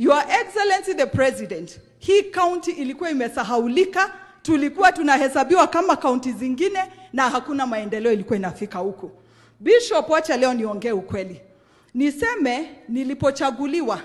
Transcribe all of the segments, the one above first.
Your Excellency the President, hii kaunti ilikuwa imesahaulika, tulikuwa tunahesabiwa kama kaunti zingine na hakuna maendeleo ilikuwa inafika huku. Bishop, wacha leo niongee ukweli. Niseme nilipochaguliwa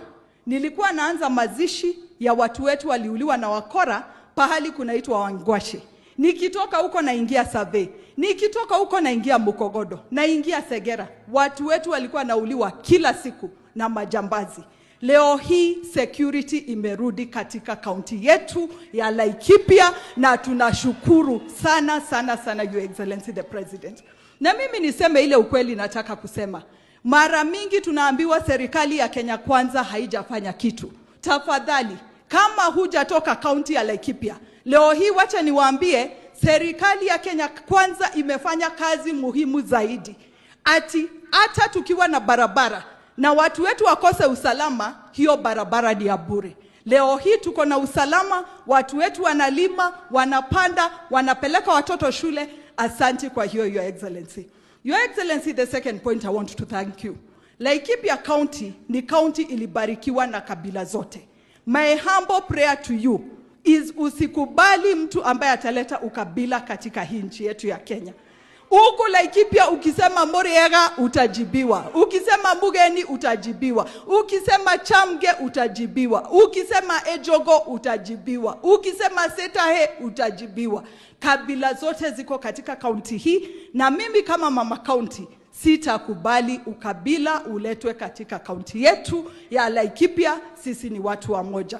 nilikuwa naanza mazishi ya watu wetu waliuliwa na wakora pahali kunaitwa Wangwashi. Nikitoka huko naingia Save, nikitoka huko naingia Mukogodo, naingia Segera. Watu wetu walikuwa nauliwa kila siku na majambazi. Leo hii security imerudi katika kaunti yetu ya Laikipia na tunashukuru sana sana sana Your Excellency the President. Na mimi niseme ile ukweli nataka kusema. Mara mingi tunaambiwa serikali ya Kenya Kwanza haijafanya kitu. Tafadhali, kama hujatoka kaunti ya Laikipia, leo hii wacha niwaambie serikali ya Kenya Kwanza imefanya kazi muhimu zaidi. Ati hata tukiwa na barabara na watu wetu wakose usalama, hiyo barabara ni ya bure. Leo hii tuko na usalama, watu wetu wanalima, wanapanda, wanapeleka watoto shule. Asanti kwa hiyo, Your Excellency. Your Excellency, the second point I want to thank you. Laikipia County ni county ilibarikiwa na kabila zote. My humble prayer to you is usikubali mtu ambaye ataleta ukabila katika hii nchi yetu ya Kenya. Huko Laikipia ukisema Moriega utajibiwa, ukisema mugeni utajibiwa, ukisema Chamge utajibiwa, ukisema Ejogo utajibiwa, ukisema Setahe utajibiwa. Kabila zote ziko katika kaunti hii, na mimi kama mama kaunti sitakubali ukabila uletwe katika kaunti yetu ya Laikipia. Sisi ni watu wa moja.